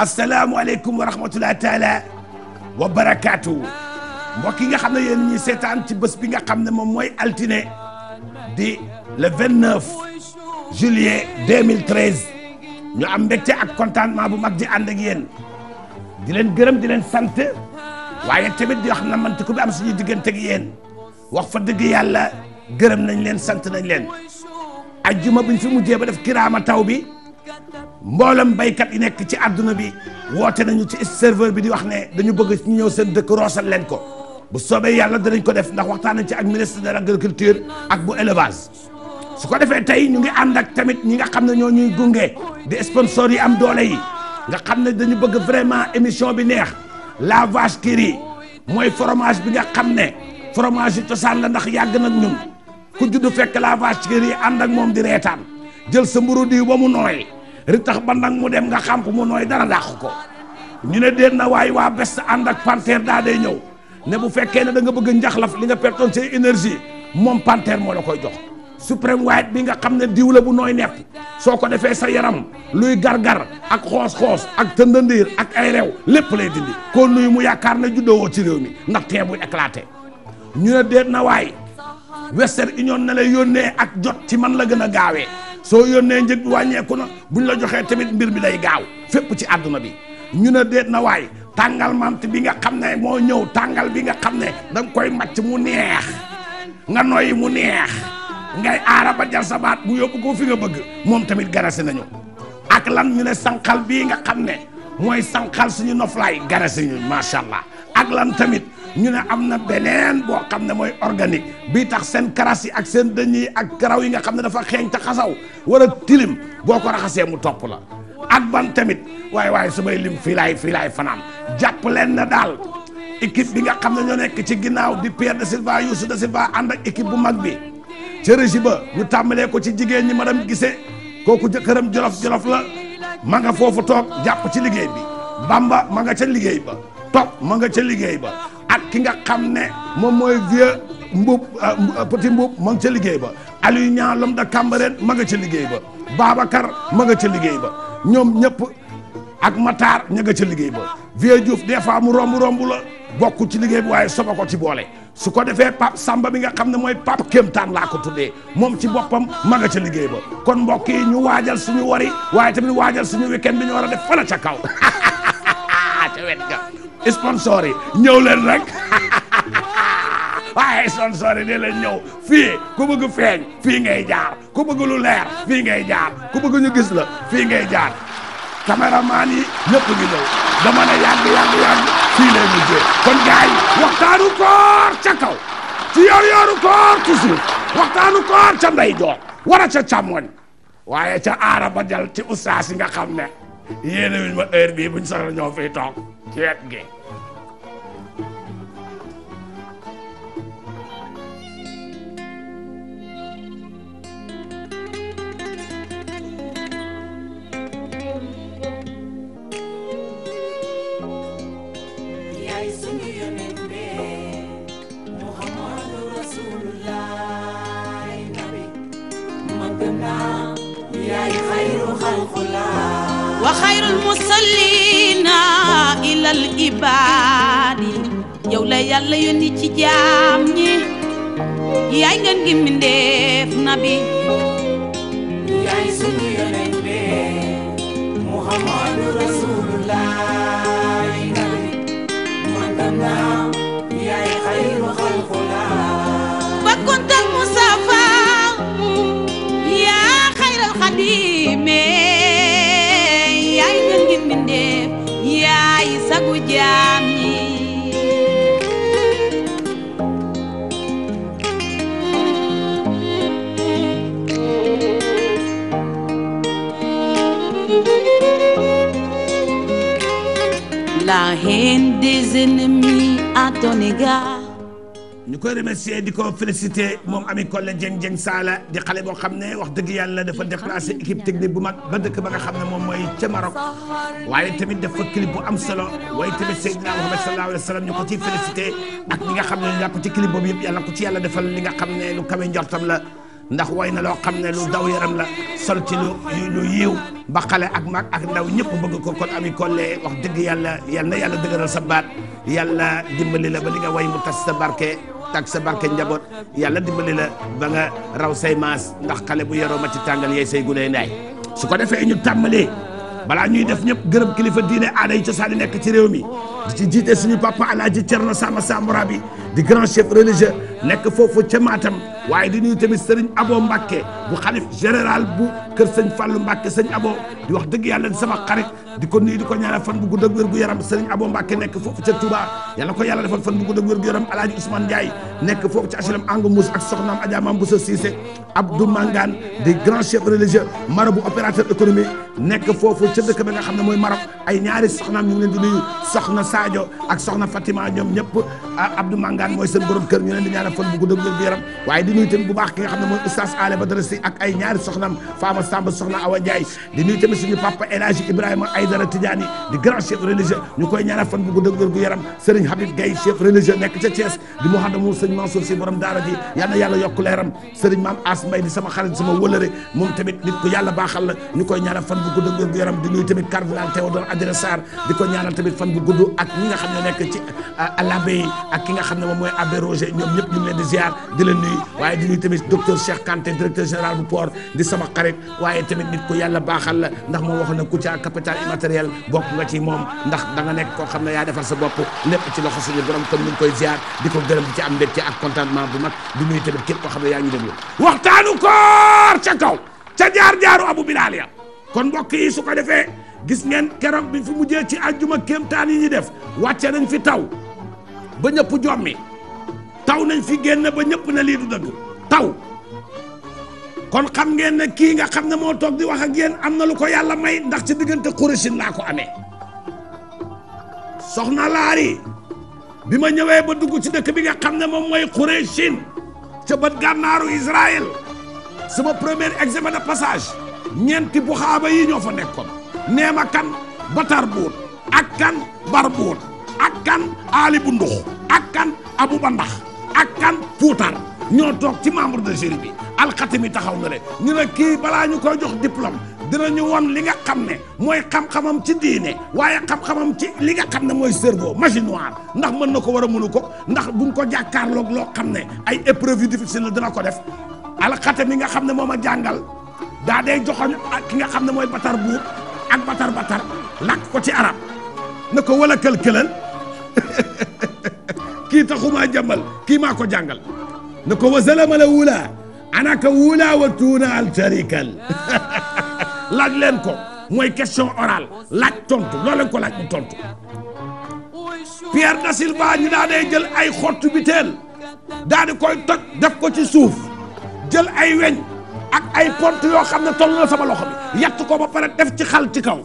asalaamualeykum wa rahmatulah taala wa barakaatu mbokk yi nga xam ne yéen ñuy seetaan ci bés bi nga xam ne moom mooy altine di le 29 juillet 2013 ñu am mbégte ak contentement bu mag di ànd ak yéen di leen gërëm di leen sant waaye tamit di wax na mant ko bi am suñu diggante ak yéen wax fa dëgg yàlla gërëm nañ leen sant nañ leen ajjuma buñ mu mujjee ba def kiraama taw bi. mboolem baykat yi nekk ci àdduna bi woote nañu ci serveur bi di wax ne dañu bëgg ñu ñëw seen dëkk roosal leen ko bu soobee yàlla danañ ko def ndax waxtaan nañ ci ak ministre de l'agriculture ak bu élevage su ko defee tey ñu ngi ànd ak tamit ñi nga xam ne ñoo ñuy gunge di sponsor yi am doole yi nga xam ne dañu bëgg vraiment émission bi neex la vache qui rit mooy fromage bi nga xam ne fromage yu cosaan la ndax yàgg nag ñun ku juddu fekk la vache qui rit ànd ak moom di jël sa mburu di ba mu ritax ba nag mu dem nga xam ko mu nooy dara dàq ko ñu ne déet na waaye waa best ànd ak panthère daa day ñëw ne bu fekkee ne da nga bëgg a njaxlaf li nga pertoon say énergie moom panthère moo la koy jox suprême white bi nga xam ne diw la bu nooy nepp soo ko defee sa yaram luy gargar ak xoos-xoos ak tëndandiir ak ay reew lépp lay dindi kon nuyu mu yaakaar ne juddoo ci réew mi ndax tee bu éclaté ñu ne déet na waay Western Union ne la yónnee ak jot ci man la gën a gaawee soo yónnee njëg bi wàññeeku bu ñu la joxee tamit mbir mi lay gaaw fépp ci àdduna bi ñu ne déet na waay tàngal mant bi nga xam ne moo ñëw tàngal bi nga xam ne danga koy màcc mu neex nga noyyi mu neex ngay aara ba jar sa baat bu yóbbu ko fi nga bëgg moom tamit garasi nañu ak lan ñu ne sànqal bii nga xam ne mooy sànqal suñu noflaay garasi ñu macha allah ak lan tamit. ñu ne am na beneen boo xam ne mooy organique bii tax seen karas ak seen dëñ ak garaw yi nga xam ne dafa xeeñ te xasaw wala tilim boo ko raxasee mu topp la ak ban tamit waaye waaye su may lim fii laay fii laay fanaan jàpp leen na daal équipe bi nga xam ne ñoo nekk ci ginnaaw di Pierre de Silva Youssou de Silva ànd ak équipe bu mag bi ca régie ba ñu tàmbalee ko ci jigéen ñi ma madame Guissé kooku jëkkëram jolof jolof la ma nga foofu toog jàpp ci liggéey bi Bamba ma nga ca liggéey ba topp ma nga ca liggéey ba ak ki nga xam ne moom mooy vieux mbub euh, euh, petit mbub ma nga ca liggéey ba Aliou Niang Lom da kambareen ma nga ca liggéey ba Babacar ma nga ca liggéey ba ñoom ñëpp ak Matar ña nga ca liggéey ba vieux Diouf des fois mu romb romb la bokk ci liggéey bi waaye soba ko ci boole su ko defee Pape Samba bi nga xam ne mooy Pape Kéemtaan laa ko tuddee moom ci boppam ma nga ca liggéey ba kon mbokk yi ñu waajal suñu wari waaye tamit waajal suñu weekend bi ñu war a def fële ca kaw ca sponsor yi ñëw leen rek waaye sponsor yi leen ñëw fii ku bëgg feeñ fii ngay jaar ku bëgg lu leer fii ngay jaar ku bëgg ñu gis la fii ngay jaar caméraman yi ñëpp ngi ñëw dama ne fii lay mujjee kon gars yi waxtaanu ca kaw ci yor yooru koor ci suuf waxtaanu koor ca ndeyjoor wara ca càmmoñ waaye ca aara ba jal ci ustaas yi nga xam ne yéen a ma heure bii buñ soxla ñoo fiy toog jeet gi ibaadi yow la yàlla yónni ci jaam ñi yaay ngeen ngi mbindeef nabi yaay sunu yonente muhammadu rasulullah haine des ennemis à ton égard. ñu koy remercier di ko féliciter moom Ami Collé Dieng Dieng Sala di xale boo xam ne wax dëgg yàlla dafa déplacé équipe technique bu mag ba dëkk ba nga xam ne moom mooy ca Maroc waaye tamit dafa clip bu am solo waaye tamit Seydina Muhammad sallallahu alayhi ko ciy féliciter ak ñi nga xam ne ñu jàpp ci clip yëpp yàlla ko ci yàlla defal li nga xam ne lu kawe njortam la. ndax woy na loo xam ne lu daw yaram la sol ci lu lu ba xale ak mag ak ndaw ñëpp bëgg ko kon Ami Collé wax dëgg yàlla yal na yàlla dëgëral sa baat yàlla dimbali la ba li nga way mu tas sa barke tak sa barke njaboot yàlla dimbali la ba nga raw say maas ndax xale bu yoroo ma ci tàngal yeey say guney ndaay su ko defee ñu tàmbalee balaa ñuy def ñëpp gërëm kilifa diine aada yi cosaan yi nekk ci réew mi di ci jiite suñu papa alaaji Cerno Sama Samura bi di grand chef religieux nekk foofu cem atam waaye di nuyu tamit sëriñ Abo mbakke bu xalif général bu kër sëñ Fallou Mbacke sëñ Abo di wax dëgg yàlla di sama xarit di ko nuyu di ko ñaanal fan bu gudd ak wér gu yaram sëriñ Abo Mbacke nekk foofu ca Touba yàlla ko yàlla defal fan bu gudd ak wér gu yaram Alaaji Ousmane Ndiaye nekk foofu ca HLM Angu Mous ak soxnaam Adja Mam Bousso Cissé mangaan Mangane des grands chefs religieux marabu opérateur économique nekk foofu ca dëkk ba nga xam ne mooy Maroc ay ñaari soxnaam ñu ngi leen di nuyu soxna Sadio ak soxna Fatima ñoom ñëpp ah, Abdou Mangane mooy seen borom kër ñu leen di ñaanal ñaanal fan bu gudd ak wér yaram waaye di nuyu tamit bu baax ki nga xam ne mooy oustaz Ale Badara Sy ak ay ñaari soxnaam Fama Samba soxna Awa Ndiaye di nuyu tamit suñu papa El Hadji Ibrahima Aïdara Tidiane di grand chef religieux ñu koy ñaanal fan bu gudd ak wér gu yaram Serigne Habib Gaye chef religieux nekk ca Thiès di Mouhadamu Serigne Mansour Sy borom daara ji yal na yàlla yokk leeram Serigne Mame Ass Mbaye di sama xarit sama wëlëre moom tamit nit ku yàlla baaxal la ñu koy ñaanal fan bu gudd ak wér gu yaram di nuyu tamit cardinal Théodore Adrien Sarr di ko ñaanal tamit fan bu gudd ak ñi nga xam ne nekk ci euh, abbé yi ak ki nga xam ne moom mooy abbé Roger ñoom ñëpp ngi leen di waaye di nuyu tamit docteur Cheikh Kanté directeur général bu port di sama xarit waaye tamit nit ko yàlla baaxal la ndax moo wax na Kouthia capital immatériel bokk nga ci moom ndax da nekk koo xam ne yaa defar sa bopp lépp ci loxo suñu borom kon ñu ngi koy ziar di ko gërëm di ci am mbégte ak contentement bu mag di nuyu tamit képp koo xam ne yaa ngi déglu waxtaanu koor ca kaw ca jaar-jaaru Abu Bilal ya kon mbokk yi su ko defee gis ngeen keroog bi fi mujjee ci àjjuma kéemtaan yi ñuy def wàcce nañ fi taw ba ñëpp jommi taw nañ fi génn ba ñëpp ne lii du dëgg taw kon xam ngeen ne kii nga xam ne moo toog di wax ak yéen am na lu ko yàlla may ndax ci diggante Xurasin laa ko amee soxna laari bi ma ñëwee ba dugg ci dëkk bi nga xam ne moom mooy Xurasin ca bët gànnaaru Israël sama premier examen de passage ñeenti bu xaaba yi ñoo fa nekkoon nee ma kan batar buut ak kan bar ndux ak kan abu bandax ak kan puutar ñoo toog ci membre de jury bi taxaw na le ñu ne kii balaa ñu ko jox diplôme dinañu won li nga xam ne mooy xam-xamam ci diine waaye xam-xamam ci li nga xam ne mooy cerveau machine noire ndax mën na ko war a mënu ko ndax buñ ko jàkkaarloog loo xam ne ay épreuve yu difficile la dina ko def alxatimi nga xam ne moom a jàngal daa day joxoñ ak ki nga xam ne mooy batar buub ak batar batar làkk ko ci arab na ko wala kël-këlal kii taxumaa jàmbal kii maa ko jàngal ne ko wa zalama la wula ana ka wula wa tuuna al tarikal laaj leen ko mooy question orale laaj tontu loo leen ko laaj mu tontu Pierre da Silva ñu jël ay xottu bi teel koy toj def ko ci suuf jël ay weñ ak ay pont yoo xam ne toll na sama loxo bi yatt ko ba pare def ci xal ci kaw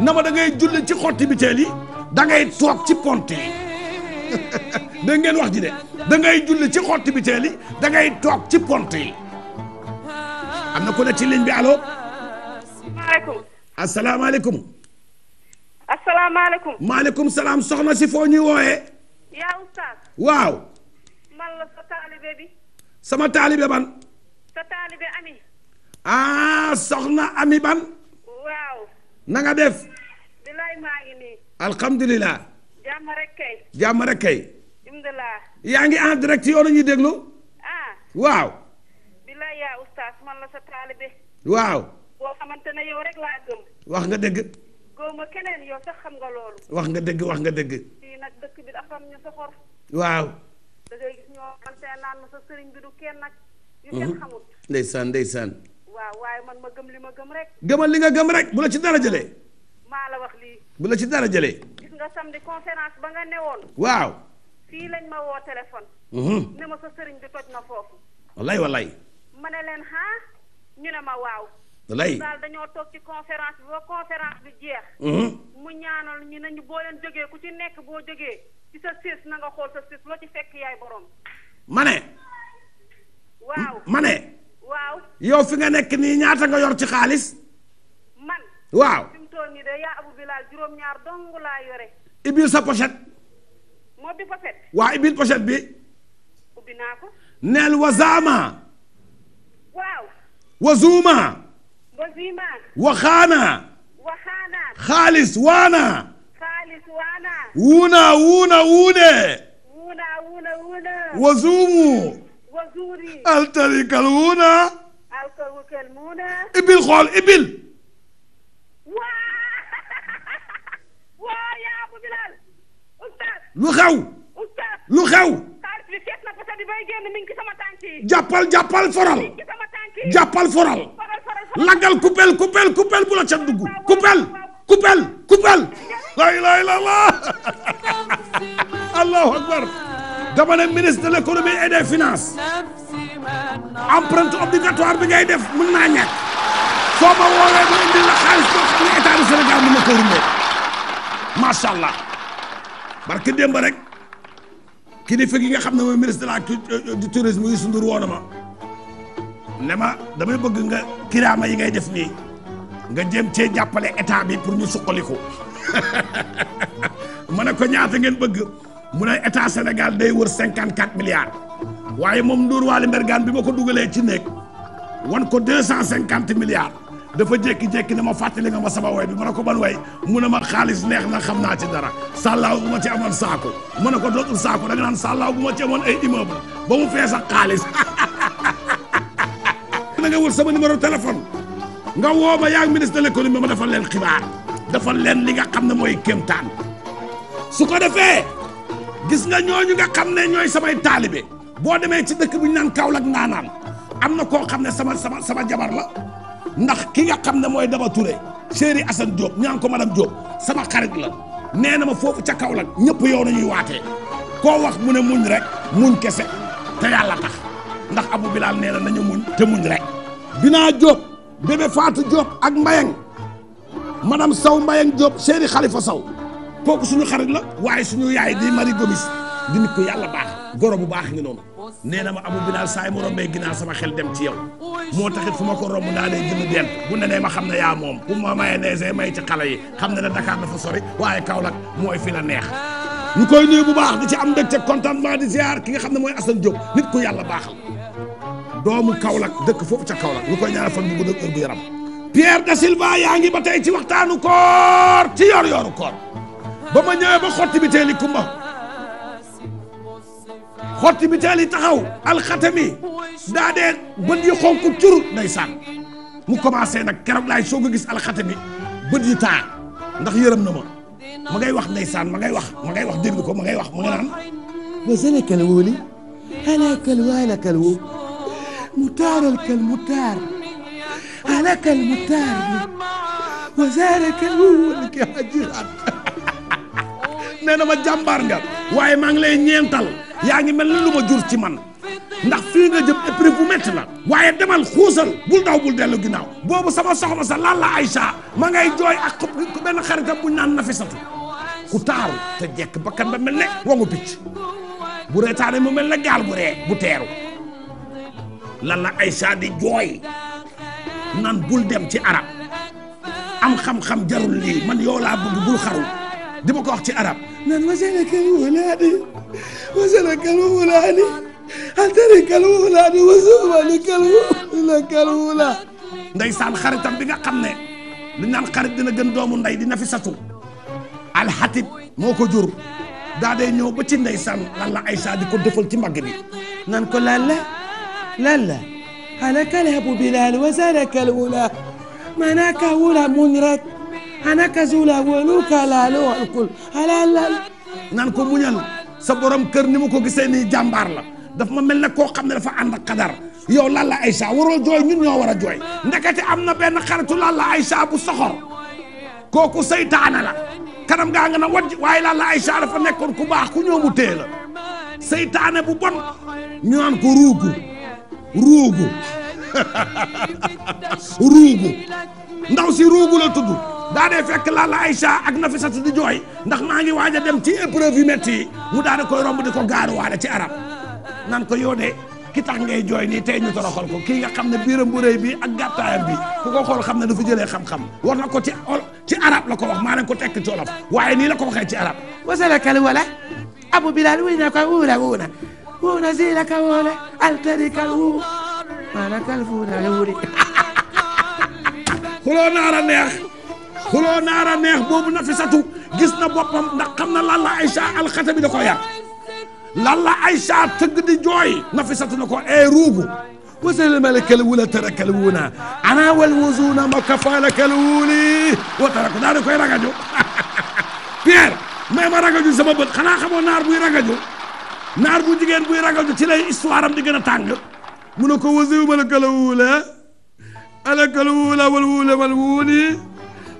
na ma da ngay julli ci xotti bi yi da ngay ci pont yi da ngeen de da julli ci xotti bi teel yi da toog ci pont yi am na ko ne ci ligne bi allo. maaleykum. asalaamaaleykum. asalaamaaleykum. maaleykum salaam soxna si foo ñuy wooyee. waaw. sama taalibe ban. sa taalibe ami. ah soxna ami ban. waaw. na nga def. bilaay maa ngi alhamdulilah. yaa ngi en direct yow la ñuy déglu. Ah. waaw. bilaay yaa oustaz man la sa taalibe. waaw. boo wax nga dëgg. xam nga loolu. wax nga dégg wax nga dëgg. fii nag dëkk waaw. da gis ñoo xamante ne naan mhm. ndeysaan waaw waaye man ma gëm li ma gëm rek. gëmal li nga gëm rek bu la ci dara ah. jëlee. maa la wax lii. bu la ci dara jëlee. gis nga samedi conférence ba nga newoon. waaw. fii lañ ma woo téléphone. Mhm. ne ma sa sëriñ bi toj na foofu. wallaay wallaay. ma ne leen ah ñu ne ma waaw. wallaay dañoo toog ci conférence bi waa conférence bi jeex. Mhm. mu ñaanal ñu ne ñu boo leen jógee ku ci nekk boo jógee ci sa siis na nga xool sa siis loo ci fekk yaay boroom ma ne. waaw ma ne. waaw yow fi nga nekk nii ñaata nga yor ci xaalis. man. waaw fi mu nii de yaa Abu Bilal juróom-ñaar dong laa yore. ibil sa pochette. moo bi pochette bi. waa ibil pochette bi. ubbi naa ko. neel wazaama. waaw. wazuuma. waziima. waxaana. waxaana. xaalis waana. xaalis waana. wuuna wuuna wuune. wuuna wuuna wuuna. wazuumu. wazuuri. altarikal wuuna. altarikal wuuna. ibil xool ibil. waa. waa yaa. lu xew. lu xew. jàppal jàppal foral. jàppal foral. lagal coupelle coupelle coupelle bu la ca dugg coupelle coupelle akbar dama ne ministre de l' économie et obligatoire bi ngay def mën naa ñàkk soo ma woowee ma indil la xaalis boo xam ne état du Sénégal mën na ko barke démb rek kilifa gi nga xam ne mooy ministre euh, euh, du tourisme Youssou Ndour woon na ma ne ma damay bëgg nga kiraama yi ngay def nii nga jëm cee jàppale état bi pour ñu suqaliku ma ne ko ñaata ngeen bëgg mu ne état senegal day wër cinquante quatre milliards waaye moom Ndour Waly Mbergane bi ma ko dugalee ci néeg wan ko deux cent cinquante milliards. dafa jékki-jékki ne ma fàttali nga ma sama way bi ma ne ko ban way mu ne ma xaalis neex na xam naa ci dara sàllaaw bu ma ci amoon saako ma ne ko dootul saako da nga naan sàllaaw bu ma ci amoon ay immeuble ba mu fees ak xaalis nga wër sama numéro téléphone nga woo ma yaa ministre de l'économie ma defal leen xibaar defal leen li nga xam ne mooy kéemtaan su ko defee gis nga ñooñu nga xam ne ñooy samay taalibe boo demee ci dëkk bu ñu naan Kaolack naanaan am na koo xam ne sama sama sama jabar la ndax kii nga xam ne mooy Daba Touré chéri Assane Diop ñaan ko madame jóob sama xarit la nee na ma foofu ca Kaolack ñëpp yow nañuy waatee koo wax mu ne muñ rek muñ kese te yàlla tax ndax Abou Bilal nee na nañu muñ te muñ rek Binaa Diop bébé Fatou Diop ak Mbayang madame Saw Mbayang Diop chéri Khalifa Saw kooku suñu xarit la waaye suñu yaay di Marie Gomis di nit ko yàlla baax goro bu baax ngi noonu nee na ma abu bilaal saa mu rombee ginaar sama xel dem ci yow moo taxit fu ma ko romb daa lay gën a dent bu ma xam ne yaa moom bu ma mayee may ci xale yi xam ne ne Dakar dafa sori waaye Kaolack mooy fi la neex ñu koy nuyu bu baax di ci am mbégte contentement di ziar ki nga xam ne mooy Assane Diop nit ku yàlla baaxal doomu Kaolack dëkk foofu ca Kaolack ñu koy ñaanal fan bu gudd ak wér gu yaram Pierre da Silva yaa ngi ba tey ci waxtaanu koor ci yor-yoru koor ba ma ñëwee ba xotti bi teeli kumba xotti bi teel taxaw alxatami daa dee bët yi xonk cur ndeysaan mu commencé nag keroog laay soog a gis alxatami bët yi taa ndax yërëm na ma ma ngay wax ndeysaan ma ngay wax ma ngay wax déglu ko ma wax mu nga naan wasala kalwoo li ala kalwaa kal mutaar kal mutaar wasala kalwoo li ki xajiraat nee na ma jàmbaar nga waaye maa ngi lay ñeental yaa ngi mel ni lu ma jur ci man ndax fii nga jëm épreuve bu métti la waaye demal xuusal bul daw bul dellu ginnaaw boobu sama soxna sa lan la Aïcha ma ngay jooy ak ku benn xaritam buñ naan Nafisatu ku taaru te jekk bakkan ba mel ne wangu picc bu reetaane mu mel ne gaal bu bu teeru lan la Aïcha di jooy nan bul dem ci arab am xam-xam jarul lii man yow laa bëgg bul xaru di ma ko wax ci arab naan wasalakal wulaani wasalakal wulaani altarikal wulaani wasumalikal wulakal wula ndeysaan xaritam bi nga xam ne li naan xarit dina gën doomu ndey di nafisatu alxatib moo ko jur daa day ñëw ba ci ndeysaan lan la Aïcha di ko defal ci mbagg bi nan ko lan la lan la halakal habu bilal wasalakal wula manaka wula muñ rek ana kasula waluka laalo wa alkul halalal naan ko muñal sa borom kër ni mu ko gisee nii jàmbaar la dafa ma mel ne koo xam ne dafa ànd ak xadar yow Lalla Aïcha waroo jooy ñun ñoo war a jooy ndekete am na benn xaritu Lalla Aïcha bu soxor kooku seytaane la kanam gaa nga na waj waaye Lalla Aïcha dafa nekkoon ku baax ku ñëw mu téye la seytaane bu bon ñu ko ruugu ruugu ruugu ndaw si ruugu la tudd daa dee fekk Lalla Aïcha ak Nafisatu di jooy ndax maa ngi waaj a dem ci épreuve yu métti yi mu daa di koy romb di ko gaaruwaale ci arab nan ko yow de ki tax ngay jooy nii tey ñu toroxal ko kii nga xam ne biiram bu rëy bi ak gàttaayam bi ku ko xool xam ne dafa jëlee xam-xam war na ko ci ci arab la ko wax maa leen ko tekk ci olof waaye nii la ko waxee ci arab wasalakal wala abu bilal wuy na koy wuuna wuuna wuuna silaka woole altarikal wu maanakal fuunal wuuri xuloo naara neex xuloo naara neex boobu na fi satu boppam ndax xam na Lalla Aïcha alxata bi da koo yar Lalla Aïcha tëgg di jooy na fi satu na ko ee eh, ruubu wasalmalakal wula tarakal wuuna ana wal wuzuuna ma kafaalakal wuuli wa tarako daa di koy ragajo Pierre may ma ragajo sama bët xanaa xamoo naar buy ragajo naar bu jigéen buy ragajo ci lay histoire am di gën a tàng mu ne ko wasilmalakal wuula alakal wuula wal wuula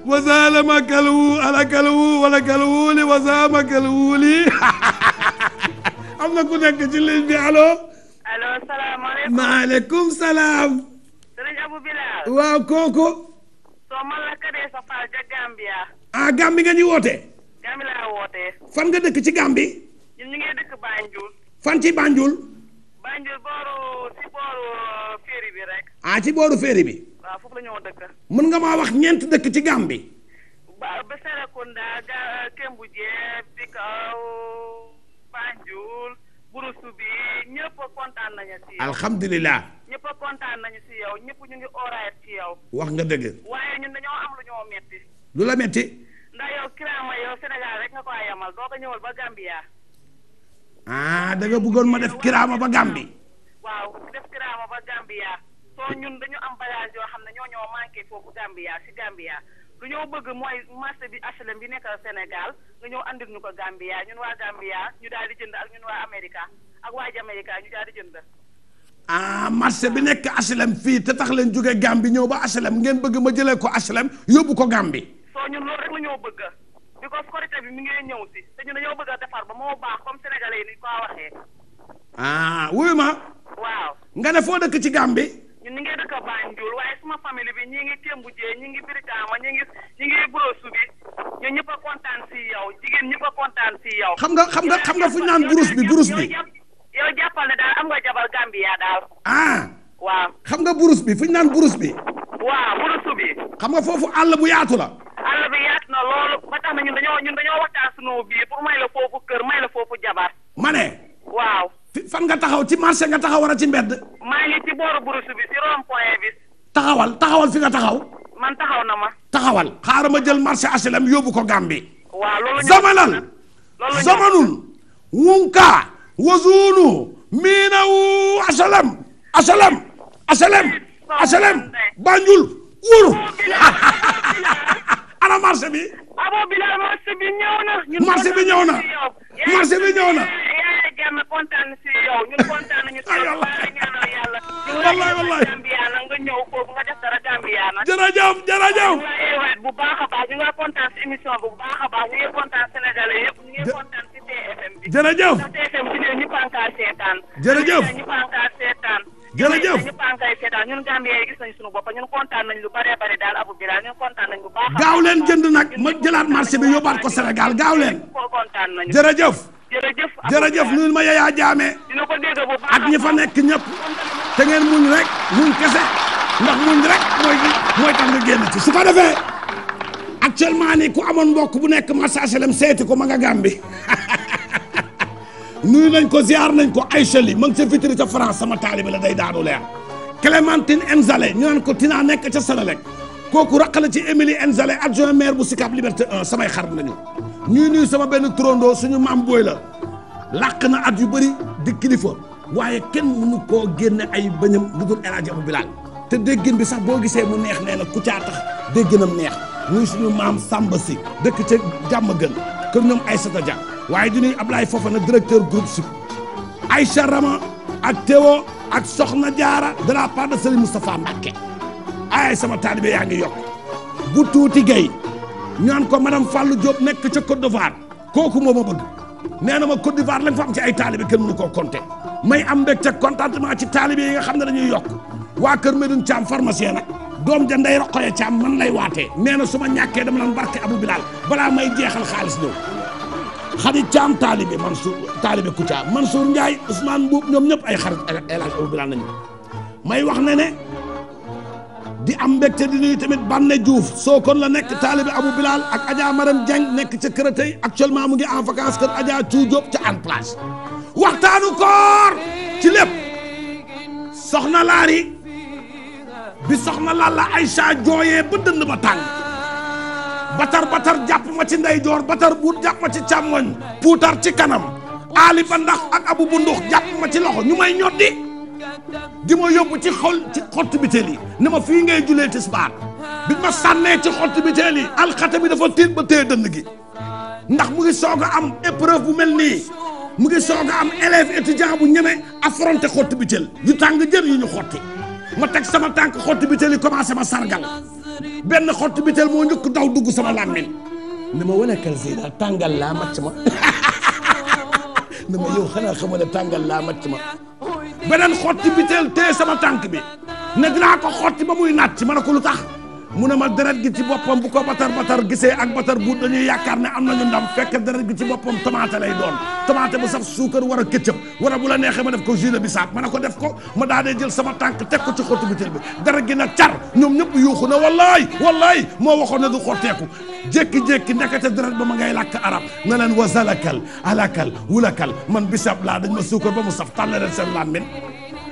wazalama kalwu ala kalwu wala kalwuuli wazaama kalwuuli am na ku nekk ci ligne bi allo. allo salaamaaleykum. maaleykum salaam. sëriñ Abou Bilal. waaw kooku. soo man la kadee sa faal ja Gambia. ah Gambi nga ñuy woote. Gambi laa wootee. fan nga dëkk ci Gambi. ñun ñu ngi dëkk Banjul. fan ci Banjul. Banjul booru si booru féeri bi rek. ah ci booru féeri bi. waaw foofu la ñoo dëkk. mën nga maa wax ñeent dëkk ci Gàmbi. ba ba Serekunda Kembuje Bikaw Banjul Burusu bi ñëpp kontaan nañu ci yow. alhamdulilah. ñëpp kontaan nañu ci yow ñëpp ñu ngi oraayat ci yow. wax nga dëgg. waaye ñun dañoo am lu ñoo metti. lu la metti. ndax yow kiraama yow Sénégal rek nga ko ayamal doo ko ñëwal ba Gambia. ah da nga ma def kiraama ba Gambi. waaw def kiraama ba Gambia. soo ñun dañu am bagage yoo xam ne ñoo ñoo manqué foofu Gambia si Gambia lu ñoo bëgg mooy marché bi HLM bi nekk senegal nga ñëw andil ñu ko Gambia ñun waa Gambia ñu daal di jënd ak ñun waa Amérique ak waa Jamaïque ñu daal di jënd. ah marché bi nekk HLM fii te tax leen jógee Gambie ñëw ba HLM ngeen bëgg ma jëlee ko HLM yóbbu ko Gambie. soo ñun loolu rek la ñoo bëgg because korite bi mi ngi ñëw si te ñun dañoo bëgg a defar ba moo baax comme sénégalais yi ni ko waxee. ah wuyu ma. waaw nga ne foo ñun ñu ngi dëkk Banjul waaye suma famille ngi Témbujee ñi ngi Brikama ñi ñun ñëpp a kontaan si yow jigéen ñëpp kontaan si yow. xam nga xam nga xam nga fu ñu bi burus bi. yow jàppal ne daal am nga jabar Gambia daal. ah. nga burus bi fu ñu naan bi. waaw burusu bi. xam àll bu yaatu na loolu na ñun dañoo ñun dañoo waxtaan sunu biir pour may la foofu kër may la foofu jabar. ma waaw. fan nga taxaw ci marché nga taxaw wala ci mbedd. maa ci taxawal taxawal fi nga taxaw. man taxaw na ma. taxawal xaaral ma jël marché HLM yóbbu ko Gambie. waaw zamanal zamanul wunka wazunu miinawu HLM HLM HLM HLM Banjul wóoru ana marché bi. abo bilal bi ñëw bi ñëw na marché bi ñëw na. Siré Dia kontaan si yow ñun kontaan nañu si yow baax na ñaanal yàlla. bu baax a baax ñu ngi kontaan si émission bu baax a baax ñu ngi kontaan Sénégalais si TFM bi. jërëjëf ndax TFM bi ñu pànkaay seetaan. seetaan. jërëjëf ñu ñun Gambia gis nañu suñu bopp ñun kontaan nañ lu bare bare daal abu bi ñun kontaan nañ bu jënd nag ma jëlaat marché bi ko Sénégal gaaw leen. jërëjëf jërëjëf lu ma Yaya Jammeh ak ñi fa nekk ñëpp te ngeen muñ rek muñ kese ndax muñ rek mooy mooy tax ci su ko defee actuellement nii ku amoon mbokk bu nekk Marsa Salem seeti ko ma nga Gàmbi nuyu nañ ko ziar nañ ko Aïcha Ly ma ngi sa vitri ca France sama taalibe la day daanu leer Clémentine Mzale ñu naan ko Tina nekk ca Sénélec kooku raq la ci Émilie Enzale adjoint maire bu Sicap Liberté 1 samay xarit nañu ñuy nuyu sama benn turandoo suñu maam booy la làq na at yu bëri di kilifa waaye kenn mënu koo génne ay bañam lu dul El Hadj Abou Bilal te déggin bi sax boo gisee mu neex nee na ku caa tax dégginam neex muy suñu maam Samba dëkk ca jàmm gën kër ay Aïssata Dia waaye di nuyu Ablaye Fofana directeur groupe sud Aïcha Rama ak Théo ak Soxna Diarra de la part de Serigne Moustapha Mbacké ay sama taalibe yaa ngi yokk bu tuuti gay ñaan ko madame Fallou Diop nekk ca Côte d'Ivoire kooku moo ma bëgg nee na ma Côte d'Ivoire lañ am ci ay taalibe kenn mënu koo compter may am mbégte contentement ci taalibe yi nga xam ne dañuy yokk waa Kër Medoune Thiam pharmacien nag doom ja nday roqoye Thiam man lay waatee nee na su ma ñàkkee dama naan barke Abou Bilal balaa may jeexal xaalis ñëw xarit Thiam taalibe Mansour taalibe Koutia Mansour Ndiaye Ousmane Mbuub ñoom ñëpp ay xarit El Hadj Abou Bilal nañu may wax ne di am mbégte di nuyu tamit Banne Diouf soo kon la nekk taalibe Abou Bilal ak Adja Maram Dieng nekk ca Créteil actuellement mu ngi en vacances kër Adja Thiou Diop ca Hann Plage waxtaanu koor ci lépp soxna laari bi soxna Lalla Aïcha jooyee ba dënd ba tàng batar batar jàpp ma ci ndeyjoor batar buut jàpp ma ci càmmoñ puutar ci kanam Ali ba ndax ak Abu Bundux jàpp ma ci loxo ñu may ñoddi di ma yóbbu ci xol ci xott biteel yi ne ma fii ngay julee tisbaar bi ma sànnee ci xott biteel yi bi dafa tiit ba téye dënn gi ndax mu ngi soog am épreuve bu mel nii mu ngi soog a am élève étudiant bu ñeme affronté xott biteel yu tàng jër yu ñu xotti ma teg sama tànk xott biteel yi commencé ma sargal benn xott biteel moo njëkk daw dugg sama làmmiñ ne ma wane kal tàngal laa màcc ma ne ma yow xanaa xamoo tàngal laa màcc ma beneen xotti bi teel téye sama tànk bi ne dinaa ko xotti ba muy naat ci ma ne ko lu tax mu ne ma deret gi ci boppam bu ko batar batar gisee ak batar bu dañuy yaakaar ne am nañu ndam fekk deret gi ci boppam tomate lay doon tomate bu saf suukar war a këccëb bu la neexee ma def ko jus de ma ne ko def ko ma deret gi na car ñoom ñëpp yuuxu na wallaay wallaay moo waxoon ne du xotteeku jékki-jékki deret ba ma ngay làkk arab na leen wasalakal alakal wulakal man bisaab laa dañ ma suukar ba mu saf tànn leen seen lammin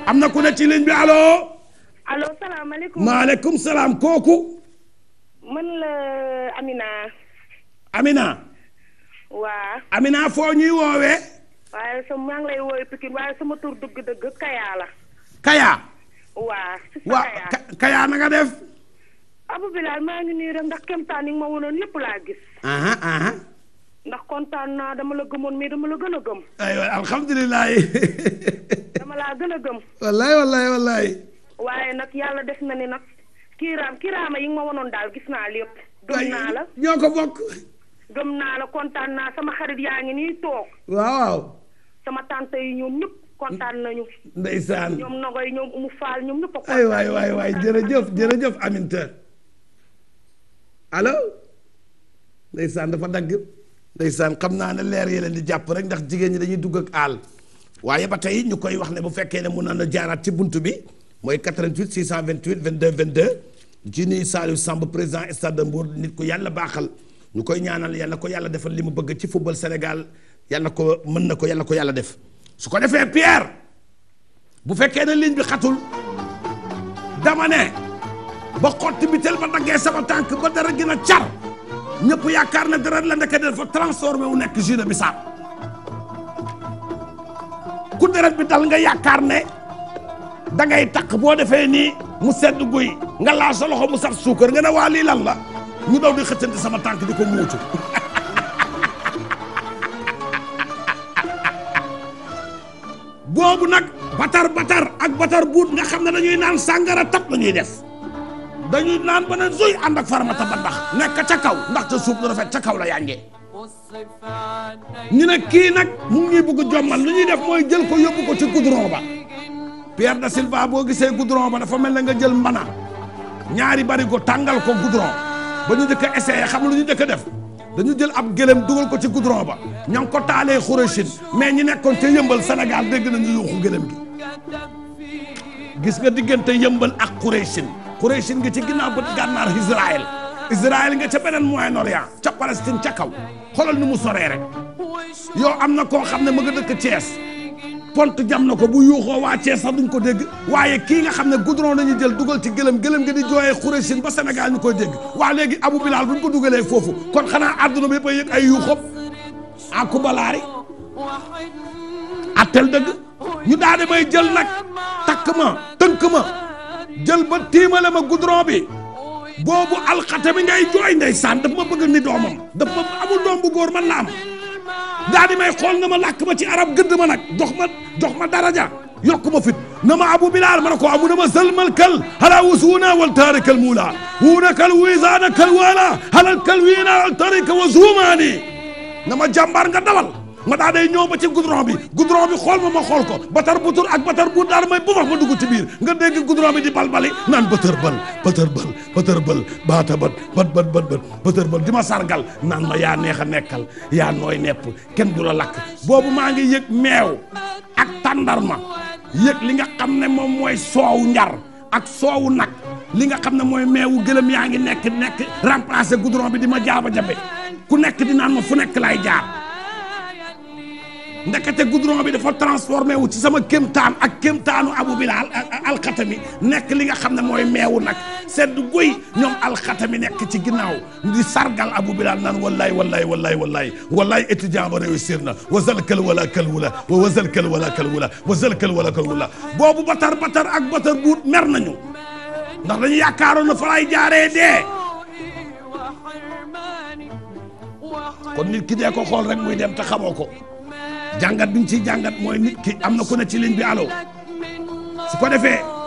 am na ku ne allo salaamaaleykum maaleykum salaam kooku. man la Amina. Amina. waa Amina foo ñuy woowee. waaye sama maa ngi lay woowee Pikine sama tur dëgg-dëgg Kaya la. Kaya. waa waa Kaya na nga def. Abou Bilal maa ngi nii rek ndax kemtaan yi ma woonoon lépp laa gis. aha aha ndax kontaan naa dama la gëmoon mais dama la gën a gëm. aywa dama laa gën a gëm. wallaay waaye nag yàlla def na ni nag kiiraam kiiraama yi nga ma wanoon daal gis naa lépp. gëm naa la ñoo ko bokk. gëm naa la kontaan naa sama xarit yaa ngi nii toog. waaw. sama tante yi ñoom ñëpp kontaan nañu. ndeysaan ñoom Nogoy ñoom Umu Faal ñoom ñëpp a. kontaan ay waay waay waay jërëjëf jërëjëf Aminta allo. ndeysaan dafa dagg. ndeysaan xam naa ne leer yi leen di jàpp rek ndax jigéen ñi dañuy dugg ak àll waaye ba tey ñu koy wax ne bu fekkee ne mun na jaaraat ci bunt bi. mooy 88 628 22 22 ci nuyu Saliou samba président stade de Mbour nit ku yàlla baaxal ñu koy ñaanal yàlla ko yàlla defal li mu bëgg ci football Sénégal yàlla ko mën na ko yàlla ko yàlla def su ko defee Pierre bu fekkee ne ligne bi xatul dama ne ba xotti bi tel ba daggee sama tànk ba dara gën a car ñëpp yaakaar na dara la ndeke dafa transformé wu nekk jus de bisaab ku deret bi dal nga yaakaar ne. da ngay takk boo defee nii mu sedd guy nga laal mu saf suukar nga ne waa lii lan la ñu daw di xëccante sama tànk di ko muucu boobu nag batar batar ak batar buut nga xam ne dañuy naan sàngara tap la ñuy def dañuy naan ba ne zuy ànd ak farmata ba ndax nekk ca kaw ndax ca suuf rafet ca kaw la yàngee ñu ne kii nag mu ngi bëgg jommal lu ñuy def mooy jël ko yóbbu ko ci goudron ba Pierre da Silva boo gisee goudron ba dafa mel na nga jël mbana ñaari barigo tàngal ko goudron ba ñu njëkk a essayé xam lu ñu njëkk def dañu jël ab gëlëm dugal ko ci goudron ba ña ngi ko taalee xurachine mais ñi nekkoon ca yëmbal Sénégal a nañu yuuxu gëlëm gi gis nga diggante yëmbal ak xurachine xurachine nga ci ginnaaw bët gànnaar Israël Israël nga ca beneen Moyen-Orient ca Palestine ca kaw xoolal ni mu soree rek am na koo xam ne ma nga dëkk Thiès pont jam na ko bu yuuxoo waa Thiès sax duñ ko dégg waaye kii nga xam ne goudron dañu jël dugal ci gëlëm gëlëm gi di jooyee Xuraysin ba senegal ñu koy dégg waa léegi Abu Bilal buñ ko dugalee foofu kon xanaa àdduna bi ba yëg ay yuuxoom aku balaari attel dëgg ñu daal di may jël nag takk ma tënk ma jël ba tiimale ma goudron bi boobu alxate bi ngay jooy ndeysaan daf ma bëgg ni doomam daf ma amul doom bu góor man la daa ma may xool na ma làkk ma ci arab gëdd ma nag jox ma jox ma daraja yokku ma fit na ma abu bilaal ma ne ko amu na ma salmal kal ala wusuuna wal taarikal muula wuuna kal wiisaana kal waala halal kal wiina al tarika wa zuumaani na ma jàmbaar nga dawal ma daa day ñëw ba ci goudron bi goudron bi xool ma ma xool ko batar butur ak batar bu daal may bu wax ma dugg biir nga dégg goudron bi di balbali naan bëtër bal bëtër bal bëtër bal baata bat bat bat bat bat bëtër bal di ma sargal naan ma yaa neex a nekkal yaa nooy nepp kenn du la lakk boobu maa ngi yëg meew ak ma yëg li nga xam ne moom mooy soowu njar ak soowu nag li nga xam ne mooy meewu gëlëm yaa ngi nekk nekk remplacé goudron bi di ma jaaba jabe ku nekk di naan ma fu nekk lay jaar ndekete goudron bi dafa transformé wu ci sama kéemtaan ak kéemtaanu Abu Bilal alxatami nekk li nga xam ne mooy meewu nag sedd guy ñoom alxatami nekk ci ginnaaw di sargal Abu Bilal naan wallaay wallaay wallaay wallaay wallaay étudiant ba réussir na wasal kël wala kël wula wasal kël wala kël wula wasal kël wala kël wula boobu batar batar ak batar buut mer nañu ndax dañu yaakaaroon na fa lay jaaree dee kon nit ki dee ko xool rek muy dem te ko jàngat bi ci ciy jàngat mooy ki am na ku ne ci ligne bi allo su ko defee.